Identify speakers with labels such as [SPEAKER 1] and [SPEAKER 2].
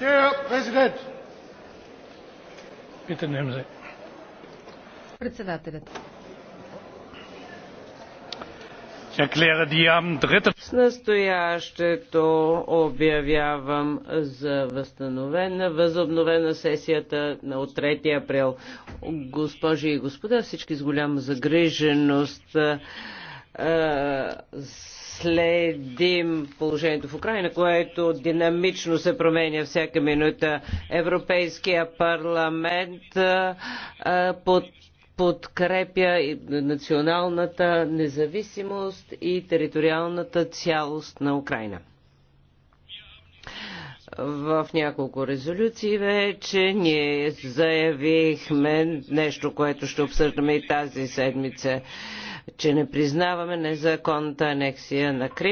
[SPEAKER 1] Herr Präsident! Bitte nehmen Sie.
[SPEAKER 2] Председателят. С настоящето обявявам за възстановена, възобновена сесията от 3 април. Госпожи и господа, всички с голяма загриженост е, следим положението в Украина, което динамично се променя всяка минута. Европейския парламент е, под подкрепя националната независимост и териториалната цялост на Украина. В няколко резолюции вече ние заявихме нещо, което ще обсъждаме и тази седмица че не признаваме незаконната анексия на Крим.